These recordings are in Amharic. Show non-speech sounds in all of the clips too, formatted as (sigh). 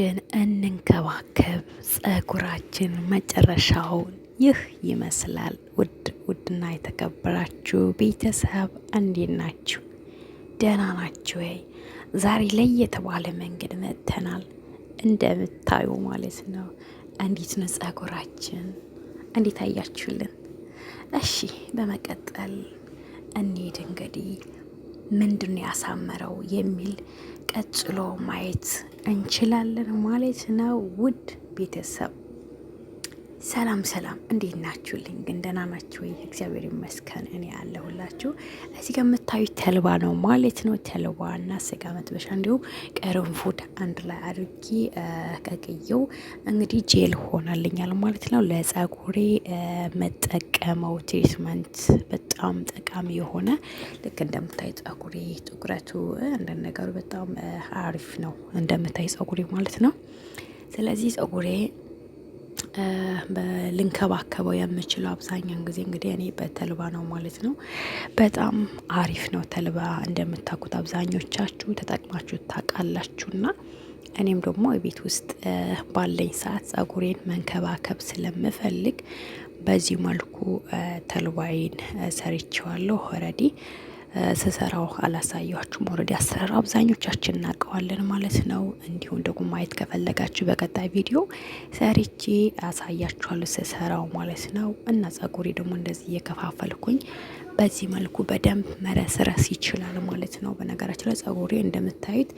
ግን እንንከባከብ። ጸጉራችን መጨረሻውን ይህ ይመስላል። ውድ ውድና የተከበራችሁ ቤተሰብ እንዴት ናችሁ? ደህና ናችሁ ወይ? ዛሬ ላይ የተባለ መንገድ መጥተናል። እንደምታዩ ማለት ነው። እንዴት ነው ጸጉራችን? እንዴት አያችሁልን? እሺ፣ በመቀጠል እንሂድ እንግዲህ ምንድን ነው ያሳመረው የሚል ቀጥሎ ማየት እንችላለን ማለት ነው ውድ ቤተሰብ ሰላም ሰላም፣ እንዴት ናችሁልኝ? ግን ደህና ናችሁ ወይ? እግዚአብሔር ይመስገን እኔ ያለሁላችሁ። እዚህ ጋር የምታዩት ተልባ ነው ማለት ነው። ተልባ እና ስጋ መጥበሻ እንዲሁም ቅርንፉድ አንድ ላይ አድርጌ ቀቅየው እንግዲህ ጄል ሆናልኛል ማለት ነው። ለጸጉሬ መጠቀመው ትሪትመንት በጣም ጠቃሚ የሆነ ልክ እንደምታይ ጸጉሬ ጥቁረቱ አንዳንድ ነገሩ በጣም አሪፍ ነው እንደምታይ ጸጉሬ ማለት ነው። ስለዚህ ጸጉሬ ልንከባከበው የምችለው አብዛኛውን ጊዜ እንግዲህ እኔ በተልባ ነው ማለት ነው። በጣም አሪፍ ነው ተልባ እንደምታውቁት አብዛኞቻችሁ ተጠቅማችሁ ታውቃላችሁና እኔም ደግሞ ቤት ውስጥ ባለኝ ሰዓት ጸጉሬን መንከባከብ ስለምፈልግ በዚህ መልኩ ተልባይን ሰርቼዋለሁ ኦልሬዲ ስሰራው አላሳያችሁም። ወረድ አሰራር አብዛኞቻችን እናውቀዋለን ማለት ነው። እንዲሁም ደግሞ ማየት ከፈለጋችሁ በቀጣይ ቪዲዮ ሰርቼ አሳያችኋለሁ ስሰራው ማለት ነው። እና ጸጉሬ ደግሞ እንደዚህ እየከፋፈልኩኝ በዚህ መልኩ በደንብ መረስረስ ይችላል ማለት ነው። በነገራችን ላይ ጸጉሬ እንደምታዩት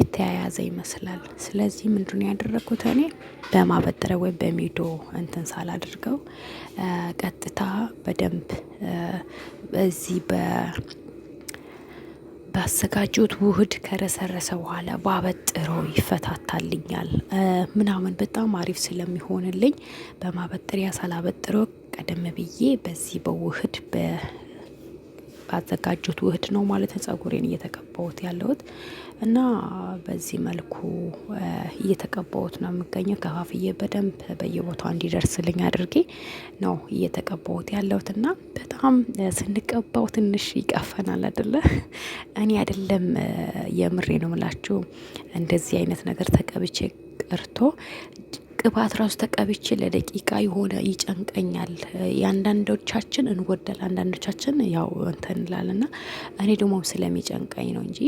የተያያዘ ይመስላል። ስለዚህ ምንድን ያደረግኩት እኔ በማበጠረ ወይም በሚዶ እንትን ሳላድርገው ቀጥታ በደንብ በዚህ በ ባዘጋጁት ውህድ ከረሰረሰ በኋላ ባበጥሮ ይፈታታልኛል ምናምን በጣም አሪፍ ስለሚሆንልኝ በማበጠሪያ ሳላበጥሮ ቀደም ብዬ በዚህ በውህድ ባዘጋጁት ውህድ ነው ማለት ነው ጸጉሬን እየተቀባሁት ያለሁት እና በዚህ መልኩ እየተቀባሁት ነው የምገኘው። ከፋፍዬ በደንብ በየቦታው እንዲደርስልኝ አድርጌ ነው እየተቀባሁት ያለሁት እና በጣም ስንቀባው ትንሽ ይቀፈናል አደለ? እኔ አይደለም የምሬ ነው ምላችሁ እንደዚህ አይነት ነገር ተቀብቼ ቀርቶ ቅባት ራሱ ተቀብቼ ለደቂቃ የሆነ ይጨንቀኛል። የአንዳንዶቻችን እንወዳል፣ አንዳንዶቻችን ያው እንትን እንላልና እኔ ደግሞ ስለሚጨንቀኝ ነው እንጂ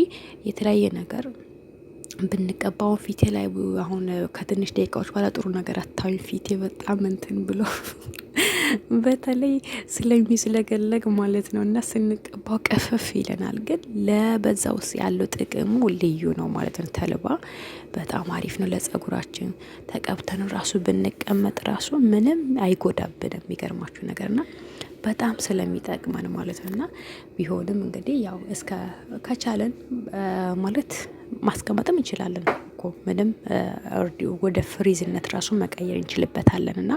የተለያየ ነገር ብንቀባውን ፊቴ ላይ አሁን ከትንሽ ደቂቃዎች በኋላ ጥሩ ነገር አታዩኝ። ፊቴ በጣም እንትን ብሎ (laughs) በተለይ ስለገለግ ማለት ነው እና ስንቀባው ቀፈፍ ይለናል። ግን ለበዛ ውስጥ ያለው ጥቅሙ ልዩ ነው ማለት ነው። ተልባ በጣም አሪፍ ነው ለጸጉራችን። ተቀብተን ራሱ ብንቀመጥ ራሱ ምንም አይጎዳብንም የሚገርማችሁ ና። በጣም ስለሚጠቅመን ማለት ነው። እና ቢሆንም እንግዲህ ያው እስከ ከቻለን ማለት ማስቀመጥም እንችላለን እኮ ምንም ወደ ፍሪዝነት ራሱ መቀየር እንችልበታለን። እና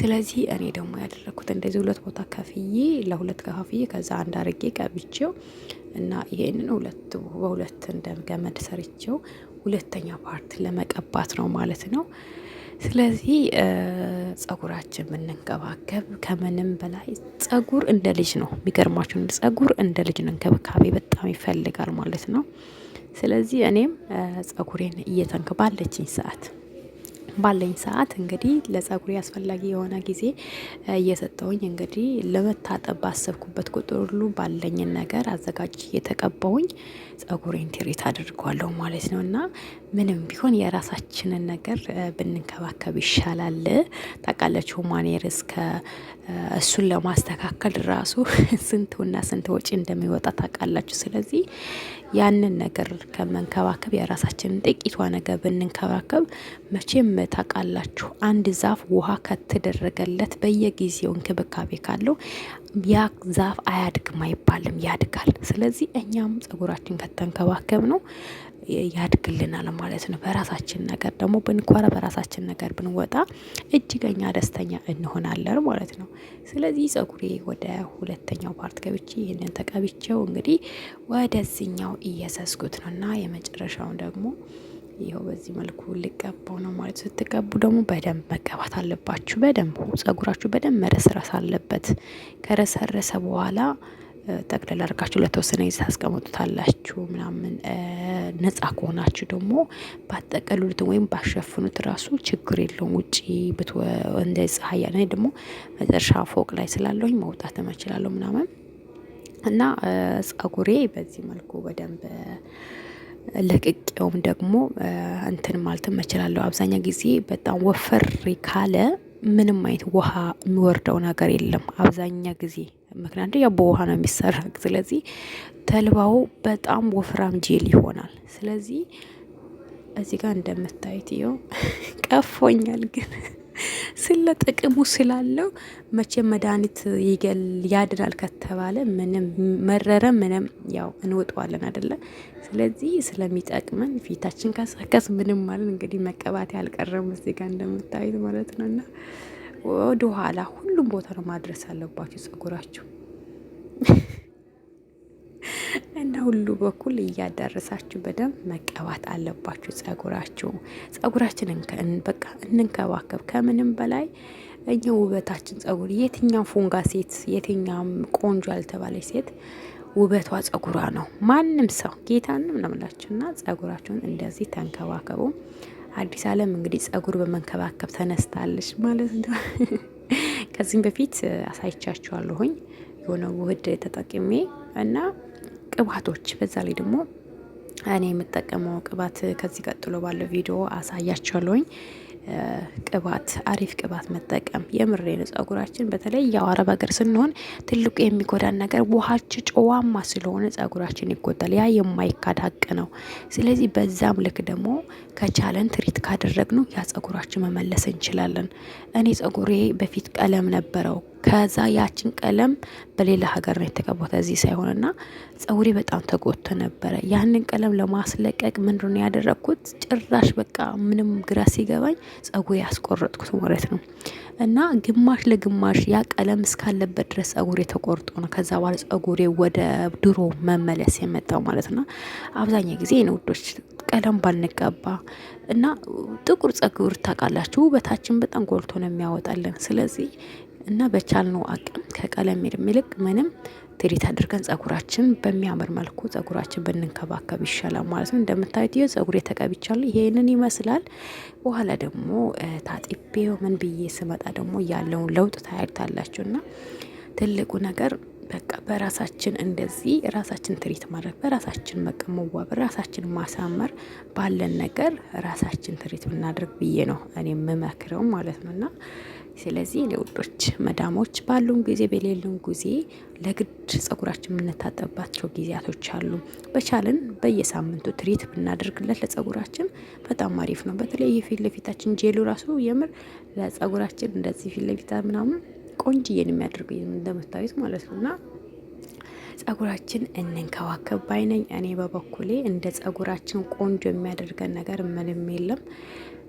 ስለዚህ እኔ ደግሞ ያደረግኩት እንደዚህ ሁለት ቦታ ከፍዬ ለሁለት ከፋፍዬ ከዛ አንድ አርጌ ቀብቼው እና ይሄንን ሁለት በሁለት እንደገመድ ገመድ ሰርቼው ሁለተኛ ፓርት ለመቀባት ነው ማለት ነው። ስለዚህ ጸጉራችን ብንንከባከብ ከምንም በላይ ጸጉር እንደ ልጅ ነው። የሚገርማችሁ ጸጉር እንደ ልጅ ነው፣ እንክብካቤ በጣም ይፈልጋል ማለት ነው። ስለዚህ እኔም ጸጉሬን እየተንክ ሰዓት ባለኝ ሰዓት እንግዲህ ለጸጉሬ አስፈላጊ የሆነ ጊዜ እየሰጠውኝ እንግዲህ ለመታጠብ ባሰብኩበት ቁጥር ሁሉ ባለኝን ነገር አዘጋጅ እየተቀባውኝ ጸጉሬን ትሪት አድርጓለሁ ማለት ነው። እና ምንም ቢሆን የራሳችንን ነገር ብንንከባከብ ይሻላል። ታውቃላችሁ እስከ እሱን ለማስተካከል ራሱ (laughs) ስንትና ስንት ወጪ እንደሚወጣ ታውቃላችሁ። ስለዚህ ያንን ነገር ከመንከባከብ የራሳችንን ጥቂቷ ነገር ብንንከባከብ መቼም ታውቃላችሁ። አንድ ዛፍ ውሃ ከተደረገለት በየጊዜው እንክብካቤ ካለው ያ ዛፍ አያድግም አይባልም፣ ያድጋል። ስለዚህ እኛም ጸጉራችን ከተንከባከብ ነው ያድግልናል ማለት ነው። በራሳችን ነገር ደግሞ ብንኮራ፣ በራሳችን ነገር ብንወጣ እጅገኛ ደስተኛ እንሆናለን ማለት ነው። ስለዚህ ጸጉሬ ወደ ሁለተኛው ፓርት ገብቼ ይህንን ተቀብቼው እንግዲህ ወደዚኛው እየሰስኩት ነው እና የመጨረሻውን ደግሞ ይኸው በዚህ መልኩ ልቀባው ነው ማለት። ስትቀቡ ደግሞ በደንብ መቀባት አለባችሁ። በደንብ ጸጉራችሁ በደንብ መረስረስ አለበት። ከረሰረሰ በኋላ ጠቅለል አድርጋችሁ ለተወሰነ ጊዜ ታስቀምጡታላችሁ ምናምን። ነጻ ከሆናችሁ ደግሞ ባጠቀሉት ወይም ባሸፍኑት ራሱ ችግር የለውም። ውጪ እንደ ፀሐይ ያለ ደግሞ መጨረሻ ፎቅ ላይ ስላለሁኝ መውጣት እችላለሁ ምናምን እና ጸጉሬ በዚህ መልኩ በደንብ ለቅቄውም ደግሞ እንትን ማለት እችላለሁ። አብዛኛ ጊዜ በጣም ወፈሪ ካለ ምንም አይነት ውሃ የሚወርደው ነገር የለም አብዛኛ ጊዜ ምክንያቱ ያው በውሃ ነው የሚሰራ። ስለዚህ ተልባው በጣም ወፍራም ጄል ይሆናል። ስለዚህ እዚህ ጋር እንደምታዩት ይኸው (laughs) ቀፎኛል ግን ስለ ጥቅሙ ስላለው መቼም መድኃኒት ይገል ያድናል ከተባለ ምንም መረረ ምንም ያው እንወጠዋለን አይደለ። ስለዚህ ስለሚጠቅመን ፊታችን ከሰከስ ምንም ማለት እንግዲህ መቀባት ያልቀረም እዚህ ጋር እንደምታዩት ማለት ነው። እና ወደ ኋላ ሁሉም ቦታ ነው ማድረስ አለባችሁ ጸጉራችሁ እና ሁሉ በኩል እያዳረሳችሁ በደንብ መቀባት አለባችሁ። ጸጉራችሁ ጸጉራችን በቃ እንንከባከብ። ከምንም በላይ እኛ ውበታችን ጸጉር፣ የትኛም ፎንጋ ሴት የትኛም ቆንጆ ያልተባለች ሴት ውበቷ ጸጉሯ ነው። ማንም ሰው ጌታንም ነው ምላችሁና ጸጉራችሁን እንደዚህ ተንከባከቡ። አዲስ አለም እንግዲህ ጸጉር በመንከባከብ ተነስታለች ማለት ነው። (laughs) ከዚህም በፊት አሳይቻችኋለሁኝ የሆነ ውህድ ተጠቅሜ እና ቅባቶች በዛ ላይ ደግሞ እኔ የምጠቀመው ቅባት ከዚህ ቀጥሎ ባለው ቪዲዮ አሳያቸዋለሁኝ። ቅባት አሪፍ ቅባት መጠቀም የምሬነ ጸጉራችን በተለይ ያው አረብ ሀገር ስንሆን ትልቁ የሚጎዳን ነገር ውሃች ጨዋማ ስለሆነ ጸጉራችን ይጎዳል። ያ የማይካድ ሀቅ ነው። ስለዚህ በዛም ልክ ደግሞ ከቻለን ትሪት ካደረግነው ያ ጸጉራችን መመለስ እንችላለን። እኔ ጸጉሬ በፊት ቀለም ነበረው ከዛ ያችን ቀለም በሌላ ሀገር ነው የተቀባሁት እዚህ ሳይሆንና ጸጉሬ በጣም ተጎቶ ነበረ። ያንን ቀለም ለማስለቀቅ ምንድን ነው ያደረግኩት? ጭራሽ በቃ ምንም ግራ ሲገባኝ ጸጉሬ ያስቆረጥኩት ማለት ነው። እና ግማሽ ለግማሽ ያ ቀለም እስካለበት ድረስ ጸጉሬ ተቆርጦ ነው ከዛ በኋላ ጸጉሬ ወደ ድሮ መመለስ የመጣው ማለት ነው። አብዛኛው ጊዜ ነው ቀለም ባንቀባ እና ጥቁር ጸጉር ታውቃላችሁ ውበታችን በጣም ጎልቶ ነው የሚያወጣለን። ስለዚህ እና በቻልነው አቅም ከቀለም ይልቅ ምንም ትሪት አድርገን ጸጉራችን በሚያምር መልኩ ጸጉራችን ብንንከባከብ ይሻላል ማለት ነው። እንደምታዩት ይህ ፀጉሬ ተቀብቻለሁ። ይሄንን ይመስላል። በኋላ ደግሞ ታጢቤ ምን ብዬ ስመጣ ደግሞ ያለውን ለውጥ ታያድታላችሁ። እና ትልቁ ነገር በቃ በራሳችን እንደዚህ ራሳችን ትሪት ማድረግ በራሳችን በቃ ራሳችን ማሳመር ባለን ነገር ራሳችን ትሪት ብናደርግ ብዬ ነው እኔ የምመክረው ማለት ነው እና ስለዚህ ውዶች መዳሞች ባሉም ጊዜ በሌሉም ጊዜ ለግድ ጸጉራችን የምንታጠባቸው ጊዜያቶች አሉ። በቻልን በየሳምንቱ ትሪት ብናደርግለት ለጸጉራችን በጣም አሪፍ ነው። በተለይ ይህ ፊት ለፊታችን ጄሉ ራሱ የምር ለጸጉራችን እንደዚህ ፊት ለፊታ ምናምን ቆንጅዬን የሚያደርግ እንደምታዩት ማለት ነው እና ጸጉራችን እንንከባከብ ባይነኝ። እኔ በበኩሌ እንደ ጸጉራችን ቆንጆ የሚያደርገን ነገር ምንም የለም።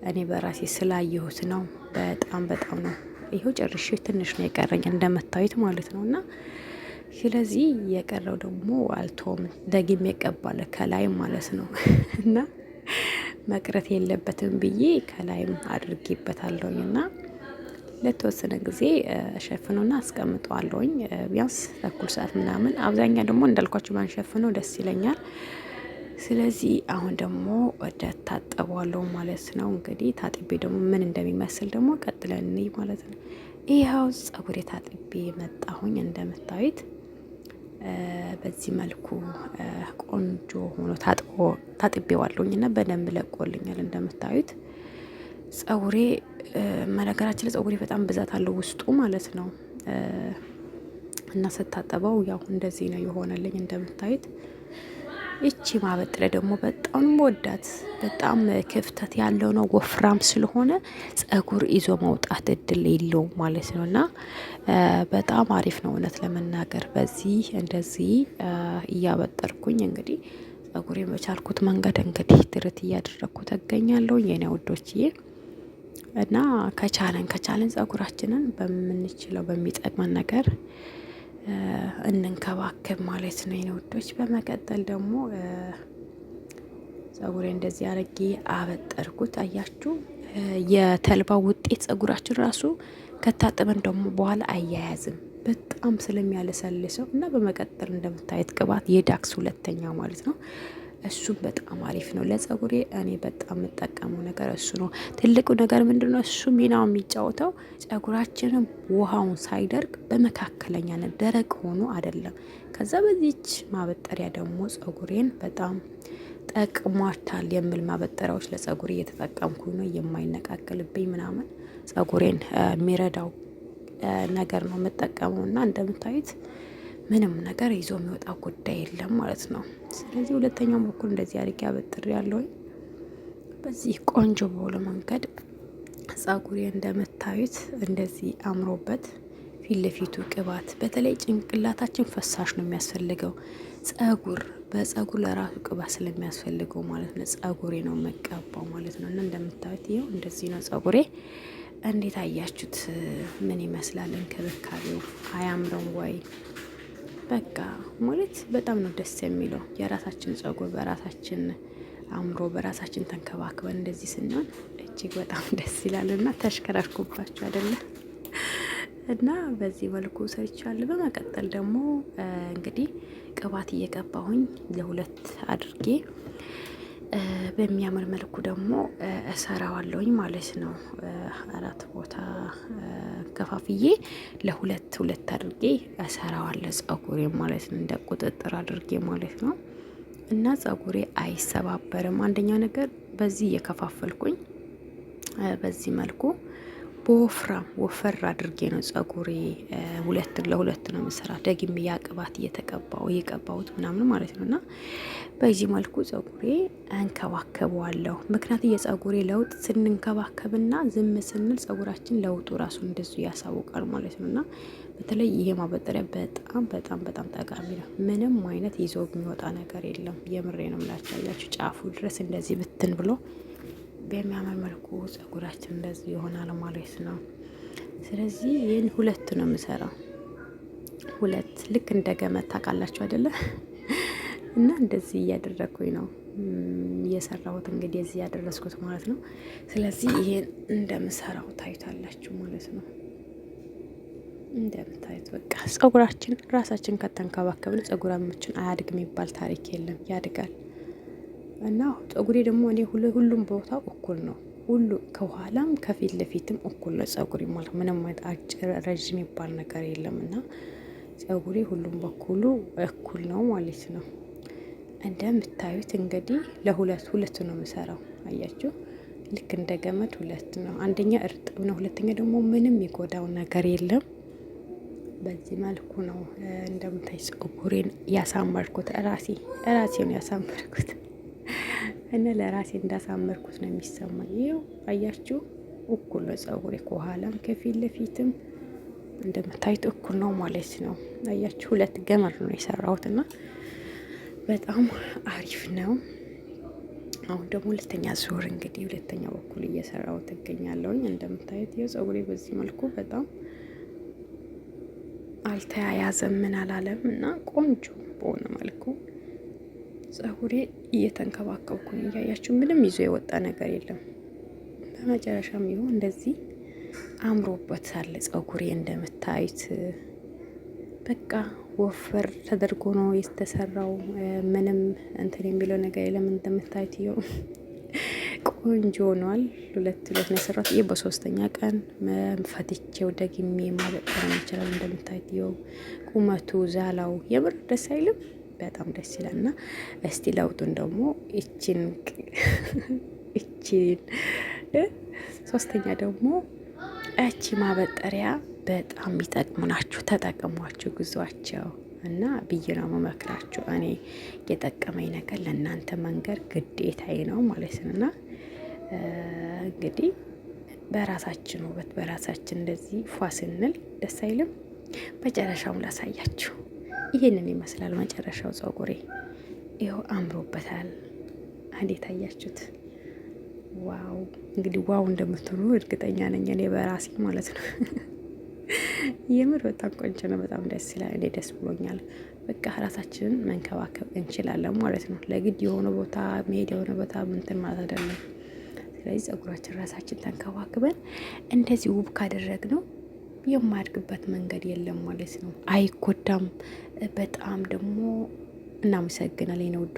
እኔ በራሴ ስላየሁት ነው። በጣም በጣም ነው። ይኸው ጨርሼ ትንሽ ነው የቀረኝ እንደምታዩት ማለት ነው። እና ስለዚህ የቀረው ደግሞ አልቶም ደግሜ ይቀባል ከላይ ማለት ነው (laughs) እና መቅረት የለበትም ብዬ ከላይም አድርጌበታለሁኝ እና ለተወሰነ ጊዜ አስቀምጦ አስቀምጠዋለሁኝ ቢያንስ ተኩል ሰዓት ምናምን። አብዛኛ ደግሞ እንዳልኳቸው ባንሸፍነው ደስ ይለኛል። ስለዚህ አሁን ደግሞ ወደ ታጠቧለው ማለት ነው። እንግዲህ ታጥቤ ደግሞ ምን እንደሚመስል ደግሞ ቀጥለን ማለት ነው። ይኸው ጸጉሬ ታጥቤ መጣሁኝ። እንደምታዩት በዚህ መልኩ ቆንጆ ሆኖ ታጥቤዋለሁኝ እና በደንብ ለቆልኛል። እንደምታዩት ጸጉሬ መነገራችን ጸጉሬ በጣም ብዛት አለው ውስጡ ማለት ነው እና ስታጠበው ያው እንደዚህ ነው የሆነልኝ እንደምታዩት ይቺ ማበጥረ ደግሞ በጣም ወዳት በጣም ክፍተት ያለው ነው። ወፍራም ስለሆነ ጸጉር ይዞ መውጣት እድል የለውም ማለት ነው እና በጣም አሪፍ ነው እውነት ለመናገር በዚህ እንደዚህ እያበጠርኩኝ እንግዲህ ጸጉሬ በቻልኩት መንገድ እንግዲህ ትርት እያደረግኩ ተገኛለሁ የኔ ውዶችዬ እና ከቻለን ከቻለን ጸጉራችንን በምንችለው በሚጠቅመን ነገር እንንከባከብ ማለት ነው የኔ ውዶች። በመቀጠል ደግሞ ጸጉሬ እንደዚህ አድርጌ አበጠርኩት። አያችሁ የተልባ ውጤት ጸጉራችን ራሱ ከታጠበን ደግሞ በኋላ አያያዝም በጣም ስለሚያለሰልሰው እና በመቀጠል እንደምታየት ቅባት የዳክስ ሁለተኛ ማለት ነው እሱም በጣም አሪፍ ነው ለጸጉሬ። እኔ በጣም የምጠቀመው ነገር እሱ ነው። ትልቁ ነገር ምንድን ነው? እሱ ሚናው የሚጫወተው ጸጉራችንም ውሃውን ሳይደርግ በመካከለኛነት ደረቅ ሆኖ አይደለም። ከዛ በዚች ማበጠሪያ ደግሞ ጸጉሬን በጣም ጠቅሟታል የሚል ማበጠሪያዎች ለጸጉሬ እየተጠቀምኩኝ ነው። የማይነቃቅልብኝ ምናምን ጸጉሬን የሚረዳው ነገር ነው የምጠቀመው እና እንደምታዩት ምንም ነገር ይዞ የሚወጣ ጉዳይ የለም ማለት ነው። ስለዚህ ሁለተኛው በኩል እንደዚህ አድርጌ አበጥር ያለውኝ በዚህ ቆንጆ በሆነ መንገድ ጸጉሬ እንደምታዩት እንደዚህ አምሮበት ፊት ለፊቱ ቅባት በተለይ ጭንቅላታችን ፈሳሽ ነው የሚያስፈልገው። ጸጉር በጸጉር ለራሱ ቅባት ስለሚያስፈልገው ማለት ነው ጸጉሬ ነው መቀባው ማለት ነው። እና እንደምታዩት ይኸው እንደዚህ ነው ጸጉሬ። እንዴት አያችሁት? ምን ይመስላል እንክብካቤው? አያምረው ወይ? በቃ ማለት በጣም ነው ደስ የሚለው የራሳችን ጸጉር በራሳችን አምሮ በራሳችን ተንከባክበን እንደዚህ ስንሆን እጅግ በጣም (laughs) ደስ ይላል። እና ተሽከራርኩባችሁ አይደለ እና በዚህ መልኩ ሰርቻለሁ። በመቀጠል ደግሞ እንግዲህ ቅባት እየቀባሁኝ ለሁለት አድርጌ በሚያምር መልኩ ደግሞ እሰራዋለሁኝ ማለት ነው። አራት ቦታ ከፋፍዬ ለሁለት ሁለት አድርጌ እሰራዋለሁ ጸጉሬ ማለት ነው። እንደ ቁጥጥር አድርጌ ማለት ነው። እና ጸጉሬ አይሰባበርም። አንደኛው ነገር በዚህ እየከፋፈልኩኝ በዚህ መልኩ በወፍራም ወፈር አድርጌ ነው ጸጉሬ ሁለት ለሁለት ነው የምሰራ ደግም ያ ቅባት እየተቀባው እየቀባውት ምናምን ማለት ነው። እና በዚህ መልኩ ጸጉሬ እንከባከበዋለሁ። ምክንያቱም የጸጉሬ ለውጥ ስንንከባከብና ዝም ስንል ጸጉራችን ለውጡ ራሱ እንደዙ ያሳውቃል ማለት ነው። እና በተለይ ይሄ ማበጠሪያ በጣም በጣም በጣም ጠቃሚ ነው። ምንም አይነት ይዞ የሚወጣ ነገር የለም። የምሬ ነው የምላችሁ። ጫፉ ድረስ እንደዚህ ብትን ብሎ በሚያምር መልኩ ጸጉራችን እንደዚህ ይሆናል ማለት ነው። ስለዚህ ይህን ሁለት ነው የምሰራው። ሁለት ልክ እንደ ገመት ታውቃላችሁ አይደለ? እና እንደዚህ እያደረግኩኝ ነው እየሰራሁት እንግዲህ እዚህ ያደረስኩት ማለት ነው። ስለዚህ ይሄን እንደምሰራው ታዩታላችሁ ማለት ነው። እንደምታዩት በቃ ጸጉራችን ራሳችን ከተንከባከብን ጸጉራችን አያድግ የሚባል ታሪክ የለም፣ ያድጋል። እና ጸጉሬ ደግሞ እኔ ሁሉም ቦታ እኩል ነው። ሁሉ ከኋላም ከፊት ለፊትም እኩል ነው ጸጉሬ ማለት ምንም አጭር ረዥም የሚባል ነገር የለም። እና ጸጉሬ ሁሉም በኩሉ እኩል ነው ማለት ነው። እንደምታዩት እንግዲህ ለሁለት ሁለት ነው የምሰራው። አያችሁ ልክ እንደ ገመድ ሁለት ነው። አንደኛ እርጥብ ነው፣ ሁለተኛ ደግሞ ምንም የሚጎዳው ነገር የለም። በዚህ መልኩ ነው እንደምታይ ጸጉሬን ያሳመርኩት። ራሴ ራሴውን ያሳመርኩት እነ ለራሴ እንዳሳመርኩት ነው የሚሰማኝ። ይኸው አያችሁ፣ እኩል ነው ጸጉሬ፣ ከኋላም ከፊት ለፊትም እንደምታዩት እኩል ነው ማለት ነው። አያችሁ፣ ሁለት ገመር ነው የሰራሁት እና በጣም አሪፍ ነው። አሁን ደግሞ ሁለተኛ ዙር እንግዲህ ሁለተኛ በኩል እየሰራው ትገኛለውኝ። እንደምታዩት ይኸው ጸጉሬ በዚህ መልኩ በጣም አልተያያዘም ምን አላለም እና ቆንጆ በሆነ መልኩ ጸጉሬ እየተንከባከብኩኝ እያያችሁ ምንም ይዞ የወጣ ነገር የለም። በመጨረሻም ይሁን እንደዚህ አምሮበታል ጸጉሬ እንደምታዩት በቃ ወፈር ተደርጎ ነው የተሰራው። ምንም እንትን የሚለው ነገር የለም። እንደምታዩት ይኸው ቆንጆ ሆኗል። ሁለት ሁለት ነው የሰራት። ይህ በሶስተኛ ቀን ፈትቼው ደግሜ ማበጠር ይችላል። እንደምታዩት ይኸው ቁመቱ ዛላው የምር ደስ አይልም። በጣም ደስ ይላል። እና እስቲ ለውጡን ደግሞ እችን (laughs) እችን ሶስተኛ ደግሞ እቺ ማበጠሪያ በጣም ይጠቅሙ ናችሁ። ተጠቅሟችሁ ግዟቸው እና ብዬ ነው መመክራችሁ። እኔ የጠቀመኝ ነገር ለእናንተ መንገር ግዴታዬ ነው ማለት ነው። እና እንግዲህ በራሳችን ውበት በራሳችን እንደዚህ ፏ ስንል ደስ አይልም። መጨረሻውን ላሳያችሁ። ይሄንን ይመስላል መጨረሻው ጸጉሬ። ይኸው አምሮበታል። እንዴት አያችሁት? ዋው! እንግዲህ ዋው እንደምትሉ እርግጠኛ ነኝ እኔ በራሴ ማለት ነው። (laughs) የምር በጣም ቆንጆ ነው። በጣም ደስ ይላል። እኔ ደስ ብሎኛል። በቃ ራሳችንን መንከባከብ እንችላለን ማለት ነው። ለግድ የሆነ ቦታ መሄድ የሆነ ቦታ ምንትን ማለት አይደለም። ስለዚህ ጸጉራችን ራሳችን ተንከባክበን እንደዚህ ውብ ካደረግ ነው የማያድግበት መንገድ የለም ማለት ነው። አይጎዳም። በጣም ደግሞ እናመሰግናል ነው።